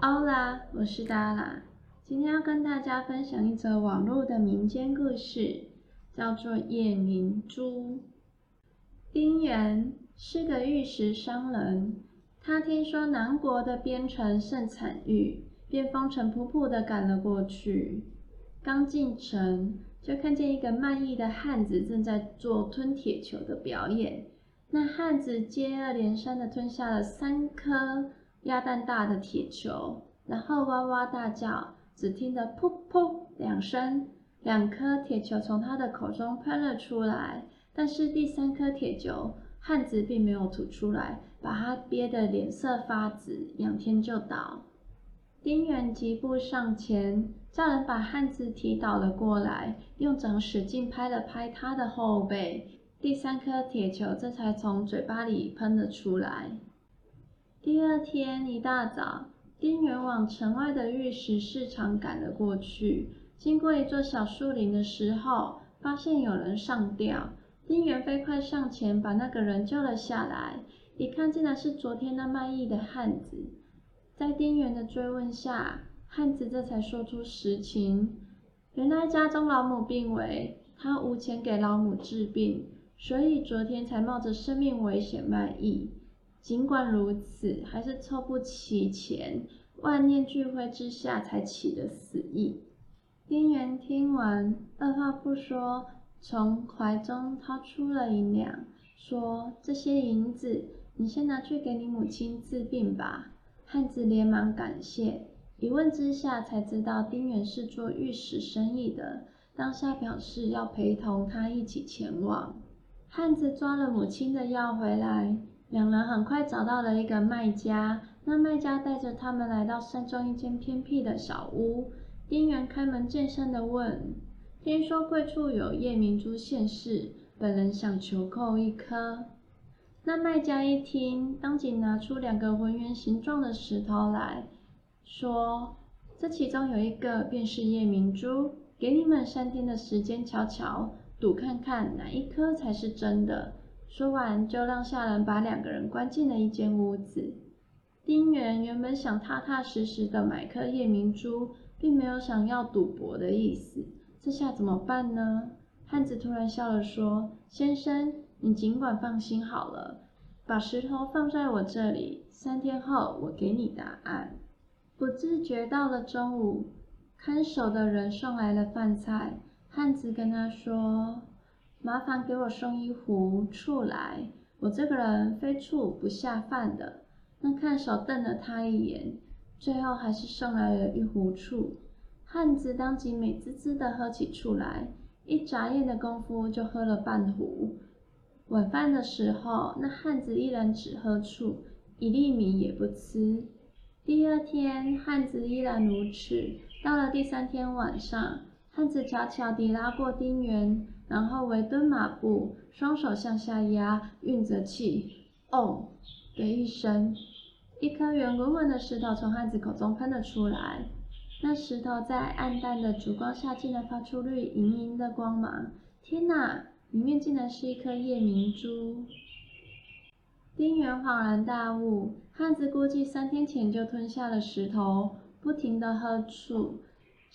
Hola，我是 Dala，今天要跟大家分享一則網絡的民間故事，叫做《夜明珠》。丁元是個玉石商人，他聽說南國的邊城盛產玉，便風塵僕僕的趕了過去。剛進城，就看見一個賣藝的漢子正在做吞鐵球的表演。那漢子接二連三的吞下了三顆鴨蛋大的鐵球，然後哇哇大叫。只聽得“噗噗”兩聲，兩顆鐵球從他的口中噴了出來。但是第三顆鐵球，漢子並沒有吐出來，把他憋得臉色發紫，仰天就倒。丁元急步上前，叫人把漢子提倒了過來，用掌使勁拍了拍他的後背。第三顆鐵球這才從嘴巴裡噴了出來。第二天一大早，丁原往城外的玉石市場趕了過去。經過一座小樹林的時候，發現有人上吊。丁原飛快上前，把那個人救了下來。一看，竟然是昨天那賣藝的漢子。在丁原的追問下，漢子這才說出實情。原來家中老母病危，他無錢給老母治病。所以昨天才冒着生命危險賣藝，盡管如此，還是湊不齊錢，萬念俱灰之下才起的死意。丁原聽完，二話不說，從懷中掏出了銀兩，說：“這些銀子，你先拿去給你母親治病吧。”漢子連忙感謝。一問之下，才知道丁原是做玉石生意的，當下表示要陪同他一起前往。漢子抓了母親的藥回來，兩人很快找到了一個賣家。那賣家帶着他們來到山中一間偏僻的小屋。丁原開門見山的問：“聽說貴處有夜明珠現世，本人想求購一顆。”那賣家一聽，當即拿出兩個渾圓形狀的石頭來說：“這其中有一個便是夜明珠，給你們三天的時間瞧瞧。”賭看看哪一顆才是真的。說完，就讓下人把兩個人關進了一間屋子。丁原原本想踏踏實實的買顆夜明珠，並沒有想要賭博的意思。這下怎麼辦呢？漢子突然笑了說：“先生，你儘管放心好了，把石頭放在我這裡，三天後我給你答案。”不知不覺到了中午，看守的人送來了飯菜。漢子跟他說：“麻煩給我送一壺醋來，我這個人非醋不下飯的。”那看守瞪了他一眼，最後還是送來了一壺醋。漢子當即美滋滋地喝起醋來，一眨眼的功夫就喝了半壺。晚飯的時候，那漢子依然只喝醋，一粒米也不吃。第二天，漢子依然如此。到了第三天晚上，漢子悄悄地拉過丁原，然後微蹲馬步，雙手向下壓，運着氣，“哦”的一聲，一顆圓滾滾的石頭從漢子口中噴了出來。那石頭在暗淡的燭光下，竟然發出綠瑩瑩的光芒！天哪，裡面竟然是一顆夜明珠！丁原恍然大悟，漢子估計三天前就吞下了石頭，不停地喝醋。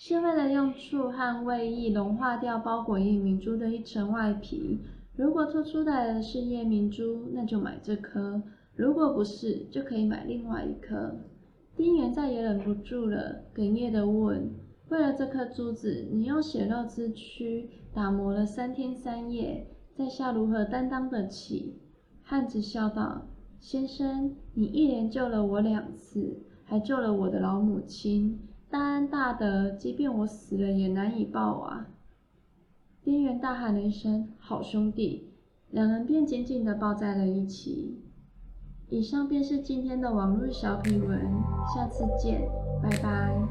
是為了用醋和胃液融化掉包裹夜明珠的一層外皮。如果吐出來的是夜明珠，那就買這顆；如果不是，就可以買另外一顆。丁元再也忍不住了，哽咽地問：“為了這顆珠子，你用血肉之軀打磨了三天三夜，在下如何擔當得起？”漢子笑道：“先生，你一連救了我兩次，還救了我的老母親。”大恩大德，即便我死了也難以報啊！丁元大喊了一聲：“好兄弟！”兩人便緊緊的抱在了一起。以上便是今天的網絡小品文，下次見，拜拜。